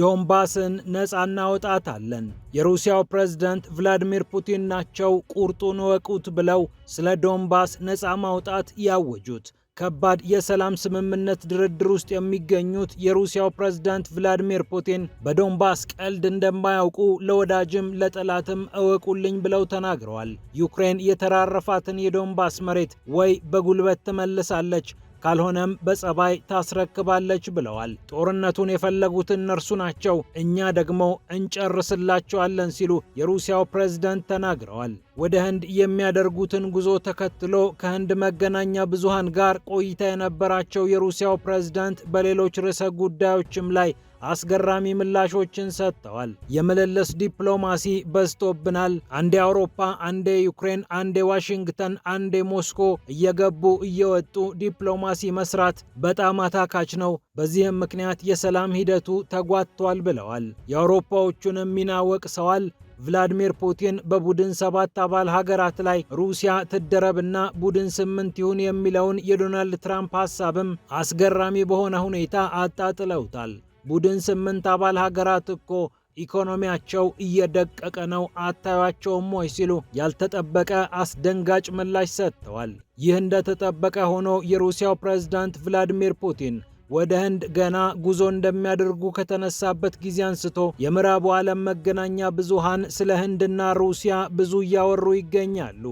ዶንባስን ነፃ እናወጣታለን፣ የሩሲያው ፕሬዝዳንት ቭላዲሚር ፑቲን ናቸው ቁርጡን ወቁት ብለው ስለ ዶንባስ ነፃ ማውጣት ያወጁት። ከባድ የሰላም ስምምነት ድርድር ውስጥ የሚገኙት የሩሲያው ፕሬዝዳንት ቭላዲሚር ፑቲን በዶንባስ ቀልድ እንደማያውቁ ለወዳጅም ለጠላትም እወቁልኝ ብለው ተናግረዋል። ዩክሬን የተራረፋትን የዶንባስ መሬት ወይ በጉልበት ትመልሳለች ካልሆነም በጸባይ ታስረክባለች ብለዋል። ጦርነቱን የፈለጉት እነርሱ ናቸው፣ እኛ ደግሞ እንጨርስላቸዋለን ሲሉ የሩሲያው ፕሬዝደንት ተናግረዋል። ወደ ህንድ የሚያደርጉትን ጉዞ ተከትሎ ከህንድ መገናኛ ብዙሃን ጋር ቆይታ የነበራቸው የሩሲያው ፕሬዝዳንት በሌሎች ርዕሰ ጉዳዮችም ላይ አስገራሚ ምላሾችን ሰጥተዋል። የመለለስ ዲፕሎማሲ በዝቶብናል፣ አንዴ አውሮፓ፣ አንዴ ዩክሬን፣ አንዴ ዋሽንግተን፣ አንዴ ሞስኮ እየገቡ እየወጡ ዲፕሎማሲ መስራት በጣም አታካች ነው። በዚህም ምክንያት የሰላም ሂደቱ ተጓትቷል ብለዋል። የአውሮፓዎቹንም ሚና ወቅሰዋል። ቭላዲሚር ፑቲን በቡድን ሰባት አባል ሀገራት ላይ ሩሲያ ትደረብና ቡድን ስምንት ይሁን የሚለውን የዶናልድ ትራምፕ ሀሳብም አስገራሚ በሆነ ሁኔታ አጣጥለውታል። ቡድን ስምንት አባል ሀገራት እኮ ኢኮኖሚያቸው እየደቀቀ ነው አታዩቸውም ወይ ሲሉ ያልተጠበቀ አስደንጋጭ ምላሽ ሰጥተዋል። ይህ እንደተጠበቀ ሆኖ የሩሲያው ፕሬዝዳንት ቭላዲሚር ፑቲን ወደ ህንድ ገና ጉዞ እንደሚያደርጉ ከተነሳበት ጊዜ አንስቶ የምዕራቡ ዓለም መገናኛ ብዙሃን ስለ ህንድና ሩሲያ ብዙ እያወሩ ይገኛሉ።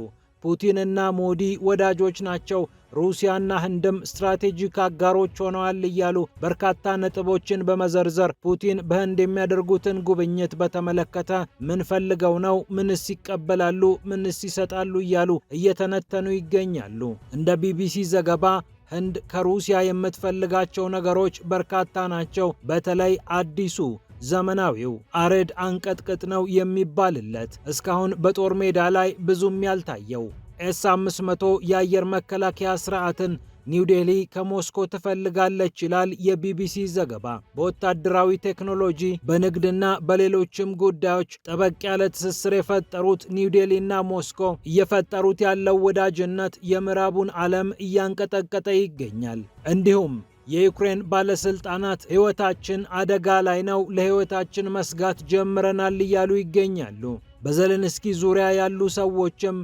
ፑቲንና ሞዲ ወዳጆች ናቸው፣ ሩሲያና ህንድም ስትራቴጂክ አጋሮች ሆነዋል እያሉ በርካታ ነጥቦችን በመዘርዘር ፑቲን በህንድ የሚያደርጉትን ጉብኝት በተመለከተ ምን ፈልገው ነው? ምንስ ይቀበላሉ? ምንስ ይሰጣሉ? እያሉ እየተነተኑ ይገኛሉ። እንደ ቢቢሲ ዘገባ ህንድ ከሩሲያ የምትፈልጋቸው ነገሮች በርካታ ናቸው። በተለይ አዲሱ ዘመናዊው አረድ አንቀጥቅጥ ነው የሚባልለት እስካሁን በጦር ሜዳ ላይ ብዙም ያልታየው ኤስ 500 የአየር መከላከያ ስርዓትን ኒውዴሊ ከሞስኮ ትፈልጋለች ይላል የቢቢሲ ዘገባ። በወታደራዊ ቴክኖሎጂ፣ በንግድና በሌሎችም ጉዳዮች ጠበቅ ያለ ትስስር የፈጠሩት ና ሞስኮ እየፈጠሩት ያለው ወዳጅነት የምዕራቡን ዓለም እያንቀጠቀጠ ይገኛል። እንዲሁም የዩክሬን ባለስልጣናት ሕይወታችን አደጋ ላይ ነው፣ ለሕይወታችን መስጋት ጀምረናል እያሉ ይገኛሉ። በዘለንስኪ ዙሪያ ያሉ ሰዎችም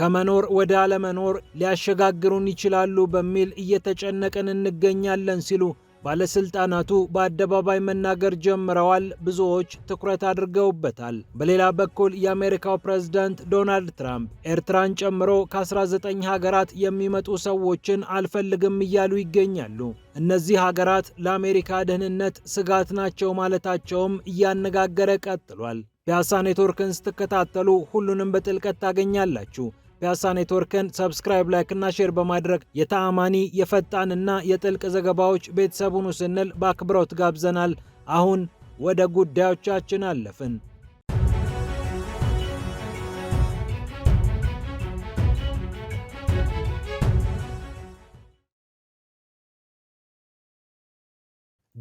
ከመኖር ወደ አለመኖር ሊያሸጋግሩን ይችላሉ በሚል እየተጨነቅን እንገኛለን ሲሉ ባለስልጣናቱ በአደባባይ መናገር ጀምረዋል። ብዙዎች ትኩረት አድርገውበታል። በሌላ በኩል የአሜሪካው ፕሬዝዳንት ዶናልድ ትራምፕ ኤርትራን ጨምሮ ከ19 ሀገራት የሚመጡ ሰዎችን አልፈልግም እያሉ ይገኛሉ። እነዚህ ሀገራት ለአሜሪካ ደህንነት ስጋት ናቸው ማለታቸውም እያነጋገረ ቀጥሏል። ፒያሳ ኔትወርክን ስትከታተሉ ሁሉንም በጥልቀት ታገኛላችሁ። ፒያሳ ኔትወርክን ሰብስክራይብ፣ ላይክ እና ሼር በማድረግ የተአማኒ እና የጥልቅ ዘገባዎች ቤተሰቡን ስንል በአክብሮት ጋብዘናል። አሁን ወደ ጉዳዮቻችን አለፍን።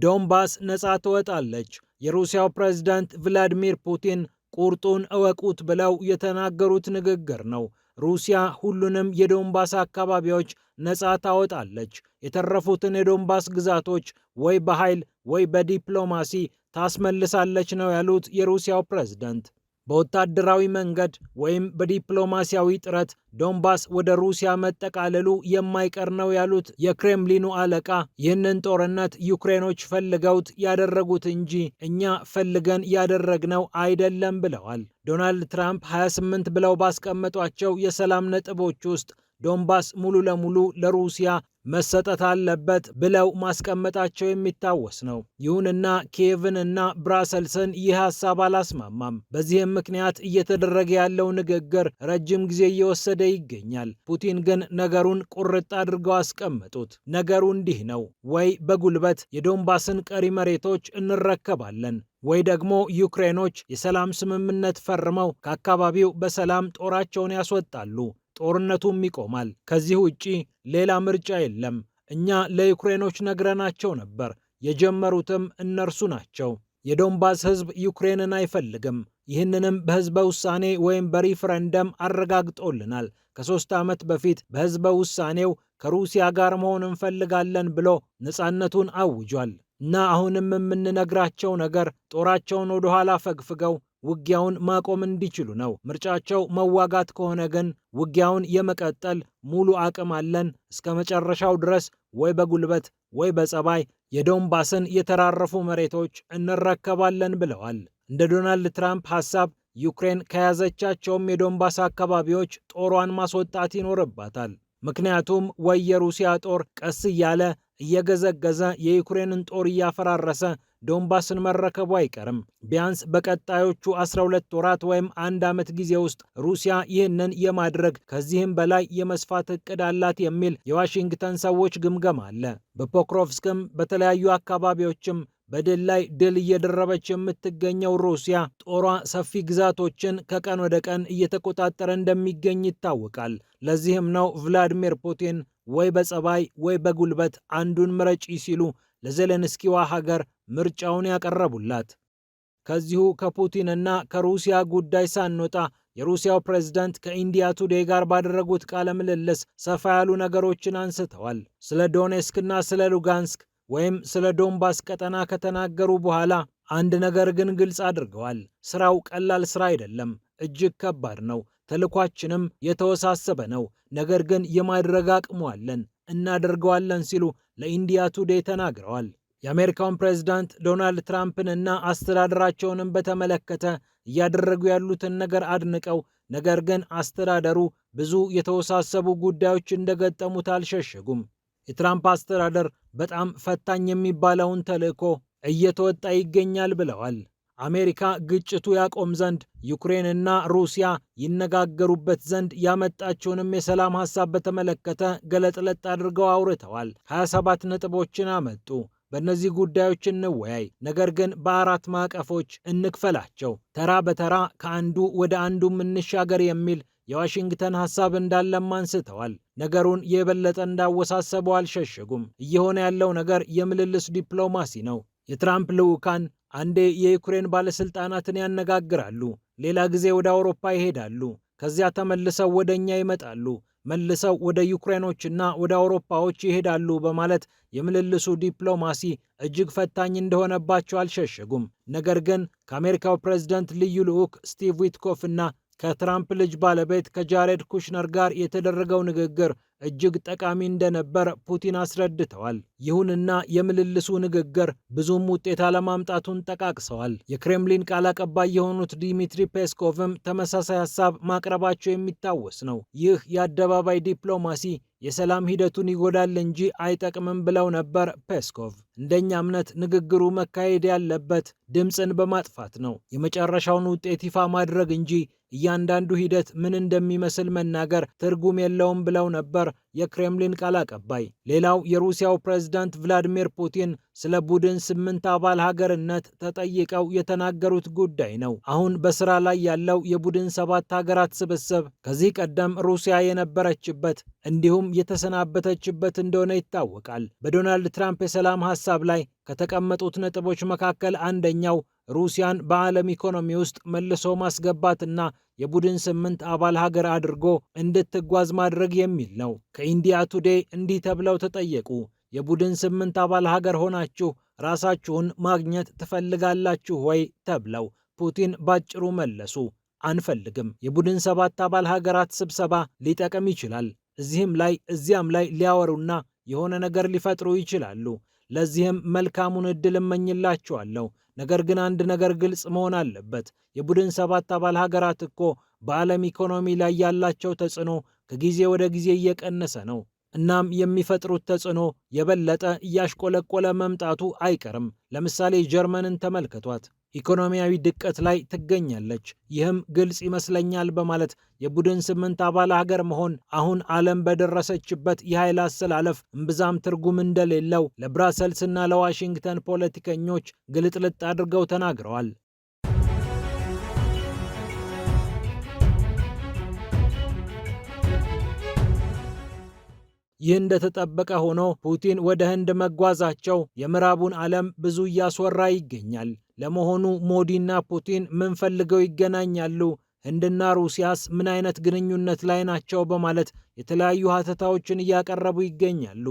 ዶንባስ ነጻ ትወጣለች። የሩሲያው ፕሬዝዳንት ቭላዲሚር ፑቲን ቁርጡን እወቁት ብለው የተናገሩት ንግግር ነው። ሩሲያ ሁሉንም የዶንባስ አካባቢዎች ነፃ ታወጣለች፣ የተረፉትን የዶንባስ ግዛቶች ወይ በኃይል ወይ በዲፕሎማሲ ታስመልሳለች ነው ያሉት የሩሲያው ፕሬዝደንት። በወታደራዊ መንገድ ወይም በዲፕሎማሲያዊ ጥረት ዶንባስ ወደ ሩሲያ መጠቃለሉ የማይቀር ነው ያሉት የክሬምሊኑ አለቃ ይህንን ጦርነት ዩክሬኖች ፈልገውት ያደረጉት እንጂ እኛ ፈልገን ያደረግነው አይደለም ብለዋል። ዶናልድ ትራምፕ 28 ብለው ባስቀመጧቸው የሰላም ነጥቦች ውስጥ ዶንባስ ሙሉ ለሙሉ ለሩሲያ መሰጠት አለበት ብለው ማስቀመጣቸው የሚታወስ ነው። ይሁንና ኪየቭን እና ብራሰልስን ይህ ሀሳብ አላስማማም። በዚህም ምክንያት እየተደረገ ያለው ንግግር ረጅም ጊዜ እየወሰደ ይገኛል። ፑቲን ግን ነገሩን ቁርጥ አድርገው አስቀመጡት። ነገሩ እንዲህ ነው፤ ወይ በጉልበት የዶንባስን ቀሪ መሬቶች እንረከባለን ወይ ደግሞ ዩክሬኖች የሰላም ስምምነት ፈርመው ከአካባቢው በሰላም ጦራቸውን ያስወጣሉ። ጦርነቱም ይቆማል። ከዚህ ውጪ ሌላ ምርጫ የለም። እኛ ለዩክሬኖች ነግረናቸው ነበር። የጀመሩትም እነርሱ ናቸው። የዶንባስ ህዝብ ዩክሬንን አይፈልግም። ይህንንም በሕዝበ ውሳኔ ወይም በሪፍረንደም አረጋግጦልናል። ከሦስት ዓመት በፊት በሕዝበ ውሳኔው ከሩሲያ ጋር መሆን እንፈልጋለን ብሎ ነፃነቱን አውጇል እና አሁንም የምንነግራቸው ነገር ጦራቸውን ወደኋላ ፈግፍገው ውጊያውን ማቆም እንዲችሉ ነው። ምርጫቸው መዋጋት ከሆነ ግን ውጊያውን የመቀጠል ሙሉ አቅም አለን እስከ መጨረሻው ድረስ ወይ በጉልበት ወይ በጸባይ የዶንባስን የተራረፉ መሬቶች እንረከባለን ብለዋል። እንደ ዶናልድ ትራምፕ ሐሳብ ዩክሬን ከያዘቻቸውም የዶንባስ አካባቢዎች ጦሯን ማስወጣት ይኖርባታል። ምክንያቱም ወይ የሩሲያ ጦር ቀስ እያለ እየገዘገዘ የዩክሬንን ጦር እያፈራረሰ ዶንባስን መረከቡ አይቀርም። ቢያንስ በቀጣዮቹ 12 ወራት ወይም አንድ ዓመት ጊዜ ውስጥ ሩሲያ ይህንን የማድረግ ከዚህም በላይ የመስፋት እቅድ አላት የሚል የዋሽንግተን ሰዎች ግምገም አለ። በፖክሮቭስክም በተለያዩ አካባቢዎችም በድል ላይ ድል እየደረበች የምትገኘው ሩሲያ ጦሯ ሰፊ ግዛቶችን ከቀን ወደ ቀን እየተቆጣጠረ እንደሚገኝ ይታወቃል። ለዚህም ነው ቭላዲሚር ፑቲን ወይ በጸባይ ወይ በጉልበት አንዱን ምረጪ ሲሉ ለዜሌንስኪዋ ሀገር ምርጫውን ያቀረቡላት። ከዚሁ ከፑቲንና ከሩሲያ ጉዳይ ሳንወጣ የሩሲያው ፕሬዝዳንት ከኢንዲያ ቱዴ ጋር ባደረጉት ቃለ ምልልስ ሰፋ ያሉ ነገሮችን አንስተዋል። ስለ ዶኔስክና ስለ ሉጋንስክ ወይም ስለ ዶንባስ ቀጠና ከተናገሩ በኋላ አንድ ነገር ግን ግልጽ አድርገዋል። ስራው ቀላል ስራ አይደለም፣ እጅግ ከባድ ነው። ተልኳችንም የተወሳሰበ ነው። ነገር ግን የማድረግ አቅሙ አለን፣ እናደርገዋለን ሲሉ ለኢንዲያ ቱዴ ተናግረዋል። የአሜሪካውን ፕሬዝዳንት ዶናልድ ትራምፕን እና አስተዳደራቸውንም በተመለከተ እያደረጉ ያሉትን ነገር አድንቀው ነገር ግን አስተዳደሩ ብዙ የተወሳሰቡ ጉዳዮች እንደገጠሙት አልሸሸጉም። የትራምፕ አስተዳደር በጣም ፈታኝ የሚባለውን ተልዕኮ እየተወጣ ይገኛል ብለዋል። አሜሪካ ግጭቱ ያቆም ዘንድ ዩክሬንና ሩሲያ ይነጋገሩበት ዘንድ ያመጣችውንም የሰላም ሀሳብ በተመለከተ ገለጥለጥ አድርገው አውርተዋል። 27 ነጥቦችን አመጡ። በእነዚህ ጉዳዮች እንወያይ፣ ነገር ግን በአራት ማዕቀፎች እንክፈላቸው፣ ተራ በተራ ከአንዱ ወደ አንዱ እንሻገር የሚል የዋሽንግተን ሀሳብ እንዳለም አንስተዋል። ነገሩን የበለጠ እንዳወሳሰበው አልሸሸጉም። እየሆነ ያለው ነገር የምልልስ ዲፕሎማሲ ነው። የትራምፕ ልዑካን አንዴ የዩክሬን ባለሥልጣናትን ያነጋግራሉ፣ ሌላ ጊዜ ወደ አውሮፓ ይሄዳሉ። ከዚያ ተመልሰው ወደ እኛ ይመጣሉ፣ መልሰው ወደ ዩክሬኖችና ወደ አውሮፓዎች ይሄዳሉ በማለት የምልልሱ ዲፕሎማሲ እጅግ ፈታኝ እንደሆነባቸው አልሸሸጉም። ነገር ግን ከአሜሪካው ፕሬዝደንት ልዩ ልዑክ ስቲቭ ዊትኮፍ እና ከትራምፕ ልጅ ባለቤት ከጃሬድ ኩሽነር ጋር የተደረገው ንግግር እጅግ ጠቃሚ እንደነበር ፑቲን አስረድተዋል። ይሁንና የምልልሱ ንግግር ብዙም ውጤት አለማምጣቱን ጠቃቅሰዋል። የክሬምሊን ቃል አቀባይ የሆኑት ዲሚትሪ ፔስኮቭም ተመሳሳይ ሀሳብ ማቅረባቸው የሚታወስ ነው። ይህ የአደባባይ ዲፕሎማሲ የሰላም ሂደቱን ይጎዳል እንጂ አይጠቅምም ብለው ነበር ፔስኮቭ። እንደኛ እምነት ንግግሩ መካሄድ ያለበት ድምፅን በማጥፋት ነው፣ የመጨረሻውን ውጤት ይፋ ማድረግ እንጂ እያንዳንዱ ሂደት ምን እንደሚመስል መናገር ትርጉም የለውም ብለው ነበር የክሬምሊን ቃል አቀባይ። ሌላው የሩሲያው ፕሬዝዳንት ቭላዲሚር ፑቲን ስለ ቡድን ስምንት አባል ሀገርነት ተጠይቀው የተናገሩት ጉዳይ ነው። አሁን በስራ ላይ ያለው የቡድን ሰባት ሀገራት ስብስብ ከዚህ ቀደም ሩሲያ የነበረችበት እንዲሁም የተሰናበተችበት እንደሆነ ይታወቃል። በዶናልድ ትራምፕ የሰላም ሀሳብ ላይ ከተቀመጡት ነጥቦች መካከል አንደኛው ሩሲያን በዓለም ኢኮኖሚ ውስጥ መልሶ ማስገባትና የቡድን ስምንት አባል ሀገር አድርጎ እንድትጓዝ ማድረግ የሚል ነው። ከኢንዲያ ቱዴይ እንዲህ ተብለው ተጠየቁ። የቡድን ስምንት አባል ሀገር ሆናችሁ ራሳችሁን ማግኘት ትፈልጋላችሁ ወይ ተብለው ፑቲን ባጭሩ መለሱ፣ አንፈልግም። የቡድን ሰባት አባል ሀገራት ስብሰባ ሊጠቅም ይችላል። እዚህም ላይ እዚያም ላይ ሊያወሩና የሆነ ነገር ሊፈጥሩ ይችላሉ። ለዚህም መልካሙን ዕድል እመኝላችኋለሁ። ነገር ግን አንድ ነገር ግልጽ መሆን አለበት። የቡድን ሰባት አባል ሀገራት እኮ በዓለም ኢኮኖሚ ላይ ያላቸው ተጽዕኖ ከጊዜ ወደ ጊዜ እየቀነሰ ነው። እናም የሚፈጥሩት ተጽዕኖ የበለጠ እያሽቆለቆለ መምጣቱ አይቀርም። ለምሳሌ ጀርመንን ተመልከቷት። ኢኮኖሚያዊ ድቀት ላይ ትገኛለች። ይህም ግልጽ ይመስለኛል በማለት የቡድን ስምንት አባል ሀገር መሆን አሁን ዓለም በደረሰችበት የኃይል አሰላለፍ እምብዛም ትርጉም እንደሌለው ለብራሰልስና ለዋሽንግተን ፖለቲከኞች ግልጥልጥ አድርገው ተናግረዋል። ይህ እንደተጠበቀ ሆኖ ፑቲን ወደ ህንድ መጓዛቸው የምዕራቡን ዓለም ብዙ እያስወራ ይገኛል። ለመሆኑ ሞዲና ፑቲን ምን ፈልገው ይገናኛሉ? ህንድና ሩሲያስ ምን አይነት ግንኙነት ላይ ናቸው? በማለት የተለያዩ ሀተታዎችን እያቀረቡ ይገኛሉ።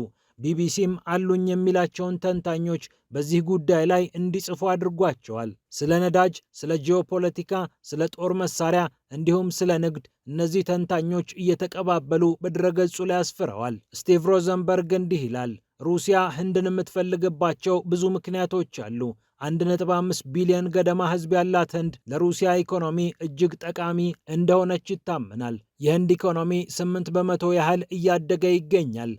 ቢቢሲም አሉኝ የሚላቸውን ተንታኞች በዚህ ጉዳይ ላይ እንዲጽፉ አድርጓቸዋል። ስለ ነዳጅ፣ ስለ ጂኦፖለቲካ፣ ስለ ጦር መሳሪያ እንዲሁም ስለ ንግድ እነዚህ ተንታኞች እየተቀባበሉ በድረገጹ ላይ አስፍረዋል። ስቲቭ ሮዘንበርግ እንዲህ ይላል። ሩሲያ ህንድን የምትፈልግባቸው ብዙ ምክንያቶች አሉ። 1.5 ቢሊዮን ገደማ ህዝብ ያላት ህንድ ለሩሲያ ኢኮኖሚ እጅግ ጠቃሚ እንደሆነች ይታመናል። የህንድ ኢኮኖሚ 8 በመቶ ያህል እያደገ ይገኛል።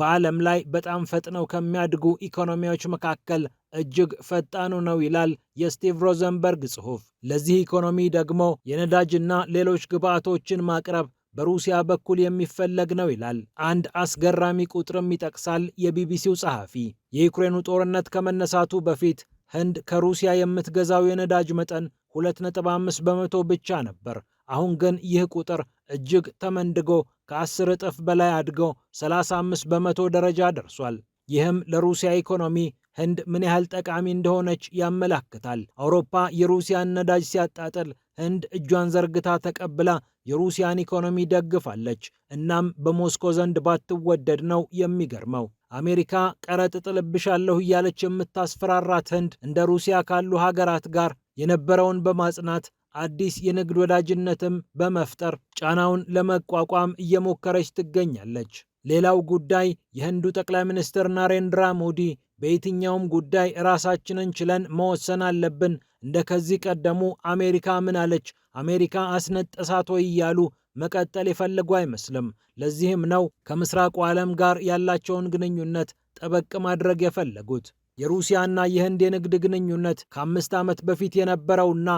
በዓለም ላይ በጣም ፈጥነው ከሚያድጉ ኢኮኖሚዎች መካከል እጅግ ፈጣኑ ነው ይላል የስቲቭ ሮዘንበርግ ጽሑፍ። ለዚህ ኢኮኖሚ ደግሞ የነዳጅና ሌሎች ግብዓቶችን ማቅረብ በሩሲያ በኩል የሚፈለግ ነው ይላል። አንድ አስገራሚ ቁጥርም ይጠቅሳል የቢቢሲው ጸሐፊ። የዩክሬኑ ጦርነት ከመነሳቱ በፊት ህንድ ከሩሲያ የምትገዛው የነዳጅ መጠን 2.5 በመቶ ብቻ ነበር። አሁን ግን ይህ ቁጥር እጅግ ተመንድጎ ከ10 እጥፍ በላይ አድጎ 35 በመቶ ደረጃ ደርሷል። ይህም ለሩሲያ ኢኮኖሚ ህንድ ምን ያህል ጠቃሚ እንደሆነች ያመላክታል። አውሮፓ የሩሲያን ነዳጅ ሲያጣጥል ህንድ እጇን ዘርግታ ተቀብላ የሩሲያን ኢኮኖሚ ደግፋለች። እናም በሞስኮ ዘንድ ባትወደድ ነው የሚገርመው። አሜሪካ ቀረጥ ጥልብሻለሁ እያለች የምታስፈራራት ህንድ እንደ ሩሲያ ካሉ ሀገራት ጋር የነበረውን በማጽናት አዲስ የንግድ ወዳጅነትም በመፍጠር ጫናውን ለመቋቋም እየሞከረች ትገኛለች። ሌላው ጉዳይ የህንዱ ጠቅላይ ሚኒስትር ናሬንድራ ሞዲ በየትኛውም ጉዳይ ራሳችንን ችለን መወሰን አለብን። እንደ ከዚህ ቀደሙ አሜሪካ ምን አለች፣ አሜሪካ አስነጠሳት ወይ እያሉ መቀጠል የፈለጉ አይመስልም። ለዚህም ነው ከምስራቁ ዓለም ጋር ያላቸውን ግንኙነት ጠበቅ ማድረግ የፈለጉት። የሩሲያና የህንድ የንግድ ግንኙነት ከአምስት ዓመት በፊት የነበረውና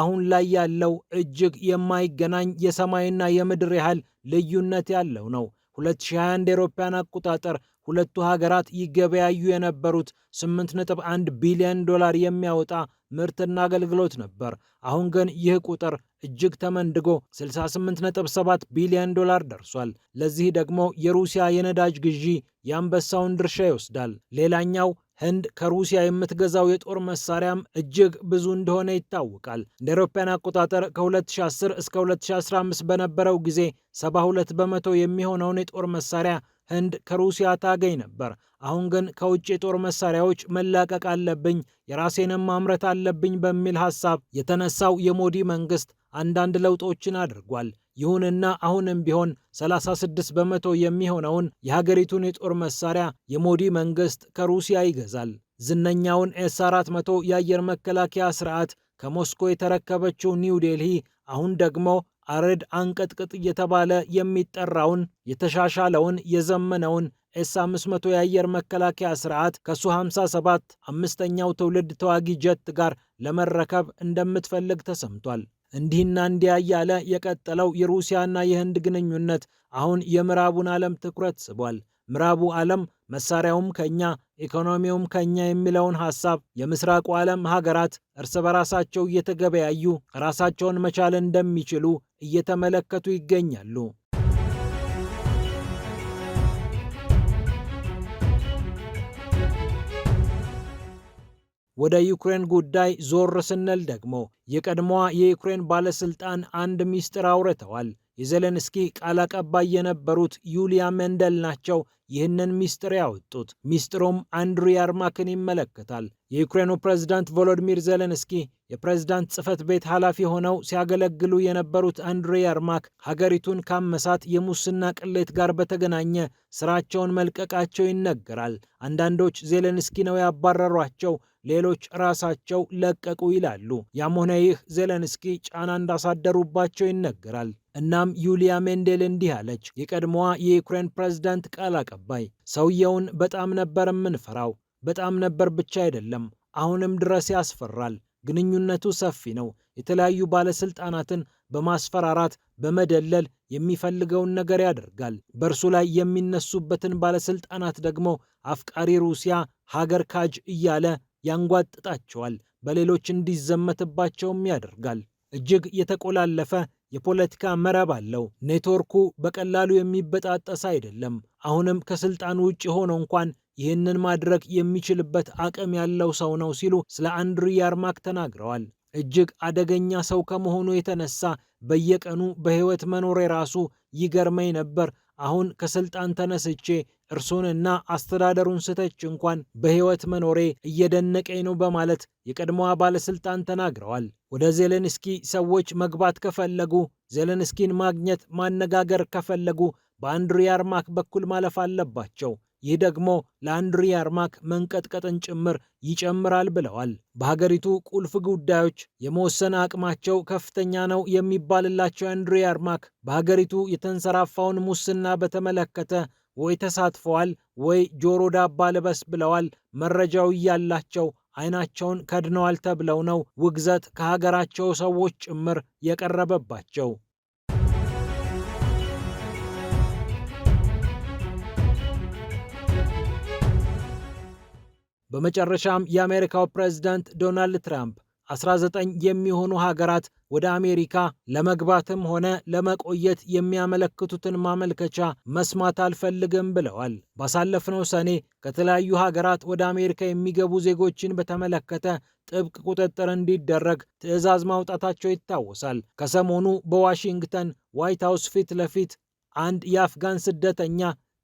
አሁን ላይ ያለው እጅግ የማይገናኝ የሰማይና የምድር ያህል ልዩነት ያለው ነው። 2021 የአውሮፓውያን አቆጣጠር ሁለቱ ሀገራት ይገበያዩ የነበሩት 8.1 ቢሊዮን ዶላር የሚያወጣ ምርትና አገልግሎት ነበር። አሁን ግን ይህ ቁጥር እጅግ ተመንድጎ 68.7 ቢሊዮን ዶላር ደርሷል። ለዚህ ደግሞ የሩሲያ የነዳጅ ግዢ የአንበሳውን ድርሻ ይወስዳል። ሌላኛው ህንድ ከሩሲያ የምትገዛው የጦር መሳሪያም እጅግ ብዙ እንደሆነ ይታወቃል። እንደ አውሮፓውያን አቆጣጠር ከ2010 እስከ 2015 በነበረው ጊዜ 72 በመቶ የሚሆነውን የጦር መሳሪያ ህንድ ከሩሲያ ታገኝ ነበር። አሁን ግን ከውጭ የጦር መሳሪያዎች መላቀቅ አለብኝ፣ የራሴንም ማምረት አለብኝ በሚል ሀሳብ የተነሳው የሞዲ መንግስት አንዳንድ ለውጦችን አድርጓል። ይሁንና አሁንም ቢሆን 36 በመቶ የሚሆነውን የሀገሪቱን የጦር መሳሪያ የሞዲ መንግስት ከሩሲያ ይገዛል። ዝነኛውን ኤስ 400 የአየር መከላከያ ስርዓት ከሞስኮ የተረከበችው ኒው ዴልሂ አሁን ደግሞ አረድ አንቀጥቅጥ እየተባለ የሚጠራውን የተሻሻለውን የዘመነውን ኤስ 500 የአየር መከላከያ ስርዓት ከሱ 57 አምስተኛው ትውልድ ተዋጊ ጀት ጋር ለመረከብ እንደምትፈልግ ተሰምቷል። እንዲህና እንዲያ እያለ የቀጠለው የሩሲያና የህንድ ግንኙነት አሁን የምዕራቡን ዓለም ትኩረት ስቧል። ምዕራቡ ዓለም መሳሪያውም ከኛ ኢኮኖሚውም ከኛ የሚለውን ሐሳብ የምስራቁ ዓለም ሀገራት እርስ በራሳቸው እየተገበያዩ ራሳቸውን መቻል እንደሚችሉ እየተመለከቱ ይገኛሉ። ወደ ዩክሬን ጉዳይ ዞር ስንል ደግሞ የቀድሞዋ የዩክሬን ባለስልጣን አንድ ሚስጥር አውርተዋል። የዘለንስኪ ቃል አቀባይ የነበሩት ዩሊያ መንደል ናቸው ይህንን ሚስጥር ያወጡት። ሚስጥሩም አንድሩ ያርማክን ይመለከታል። የዩክሬኑ ፕሬዝዳንት ቮሎዲሚር ዘለንስኪ የፕሬዝዳንት ጽህፈት ቤት ኃላፊ ሆነው ሲያገለግሉ የነበሩት አንድሬ ያርማክ ሀገሪቱን ካመሳት የሙስና ቅሌት ጋር በተገናኘ ስራቸውን መልቀቃቸው ይነገራል። አንዳንዶች ዜሌንስኪ ነው ያባረሯቸው፣ ሌሎች ራሳቸው ለቀቁ ይላሉ። ያም ሆነ ይህ ዜሌንስኪ ጫና እንዳሳደሩባቸው ይነገራል። እናም ዩሊያ ሜንዴል እንዲህ አለች፣ የቀድሞዋ የዩክሬን ፕሬዝዳንት ቃል አቀባይ። ሰውየውን በጣም ነበር የምንፈራው። በጣም ነበር ብቻ አይደለም፣ አሁንም ድረስ ያስፈራል። ግንኙነቱ ሰፊ ነው። የተለያዩ ባለስልጣናትን በማስፈራራት በመደለል የሚፈልገውን ነገር ያደርጋል። በእርሱ ላይ የሚነሱበትን ባለስልጣናት ደግሞ አፍቃሪ ሩሲያ ሀገር ካጅ እያለ ያንጓጥጣቸዋል። በሌሎች እንዲዘመትባቸውም ያደርጋል። እጅግ የተቆላለፈ የፖለቲካ መረብ አለው። ኔትወርኩ በቀላሉ የሚበጣጠስ አይደለም። አሁንም ከስልጣን ውጭ ሆኖ እንኳን ይህንን ማድረግ የሚችልበት አቅም ያለው ሰው ነው ሲሉ ስለ አንድሪ ያርማክ ተናግረዋል። እጅግ አደገኛ ሰው ከመሆኑ የተነሳ በየቀኑ በሕይወት መኖር የራሱ ይገርመኝ ነበር አሁን ከስልጣን ተነስቼ እርሱንና አስተዳደሩን ስተች እንኳን በሕይወት መኖሬ እየደነቀኝ ነው በማለት የቀድሞዋ ባለሥልጣን ተናግረዋል። ወደ ዜሌንስኪ ሰዎች መግባት ከፈለጉ፣ ዜሌንስኪን ማግኘት ማነጋገር ከፈለጉ በአንድሪው የርማክ በኩል ማለፍ አለባቸው። ይህ ደግሞ ለአንድሪ አርማክ መንቀጥቀጥን ጭምር ይጨምራል ብለዋል። በሀገሪቱ ቁልፍ ጉዳዮች የመወሰን አቅማቸው ከፍተኛ ነው የሚባልላቸው የአንድሪ አርማክ በሀገሪቱ የተንሰራፋውን ሙስና በተመለከተ ወይ ተሳትፈዋል ወይ ጆሮ ዳባ ልበስ ብለዋል። መረጃው እያላቸው አይናቸውን ከድነዋል ተብለው ነው ውግዘት ከሀገራቸው ሰዎች ጭምር የቀረበባቸው። በመጨረሻም የአሜሪካው ፕሬዝዳንት ዶናልድ ትራምፕ 19 የሚሆኑ ሀገራት ወደ አሜሪካ ለመግባትም ሆነ ለመቆየት የሚያመለክቱትን ማመልከቻ መስማት አልፈልግም ብለዋል። ባሳለፍነው ሰኔ ከተለያዩ ሀገራት ወደ አሜሪካ የሚገቡ ዜጎችን በተመለከተ ጥብቅ ቁጥጥር እንዲደረግ ትዕዛዝ ማውጣታቸው ይታወሳል። ከሰሞኑ በዋሽንግተን ዋይት ሀውስ ፊት ለፊት አንድ የአፍጋን ስደተኛ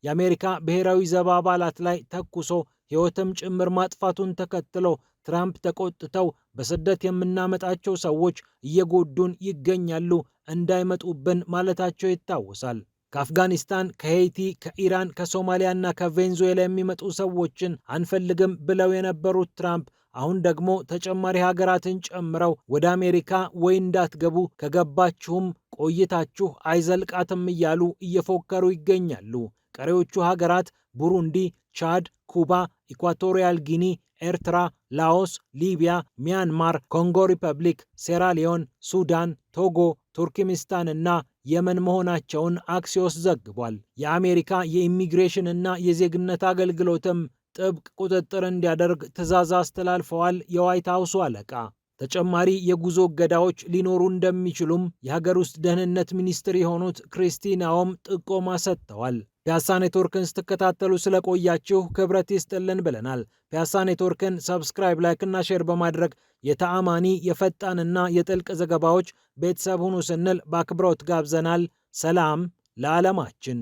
የአሜሪካ ብሔራዊ ዘብ አባላት ላይ ተኩሶ ሕይወትም ጭምር ማጥፋቱን ተከትሎ ትራምፕ ተቆጥተው በስደት የምናመጣቸው ሰዎች እየጎዱን ይገኛሉ እንዳይመጡብን ማለታቸው ይታወሳል። ከአፍጋኒስታን፣ ከሄይቲ፣ ከኢራን፣ ከሶማሊያ እና ከቬንዙዌላ የሚመጡ ሰዎችን አንፈልግም ብለው የነበሩት ትራምፕ አሁን ደግሞ ተጨማሪ ሀገራትን ጨምረው ወደ አሜሪካ ወይ እንዳትገቡ ከገባችሁም ቆይታችሁ አይዘልቃትም እያሉ እየፎከሩ ይገኛሉ። ቀሪዎቹ ሀገራት ቡሩንዲ፣ ቻድ፣ ኩባ፣ ኢኳቶሪያል ጊኒ፣ ኤርትራ፣ ላኦስ፣ ሊቢያ፣ ሚያንማር፣ ኮንጎ ሪፐብሊክ፣ ሴራሊዮን፣ ሱዳን፣ ቶጎ፣ ቱርክሚስታን እና የመን መሆናቸውን አክሲዮስ ዘግቧል። የአሜሪካ የኢሚግሬሽን እና የዜግነት አገልግሎትም ጥብቅ ቁጥጥር እንዲያደርግ ትዕዛዝ አስተላልፈዋል። የዋይት ሀውሱ አለቃ ተጨማሪ የጉዞ እገዳዎች ሊኖሩ እንደሚችሉም የሀገር ውስጥ ደህንነት ሚኒስትር የሆኑት ክሪስቲናኦም ጥቆማ ሰጥተዋል። ፒያሳ ኔትወርክን ስትከታተሉ ስለቆያችሁ ክብረት ይስጥልን ብለናል። ፒያሳ ኔትወርክን ሰብስክራይብ፣ ላይክና ሼር በማድረግ የተአማኒ የፈጣንና የጥልቅ ዘገባዎች ቤተሰብ ሁኑ ስንል በአክብሮት ጋብዘናል። ሰላም ለዓለማችን።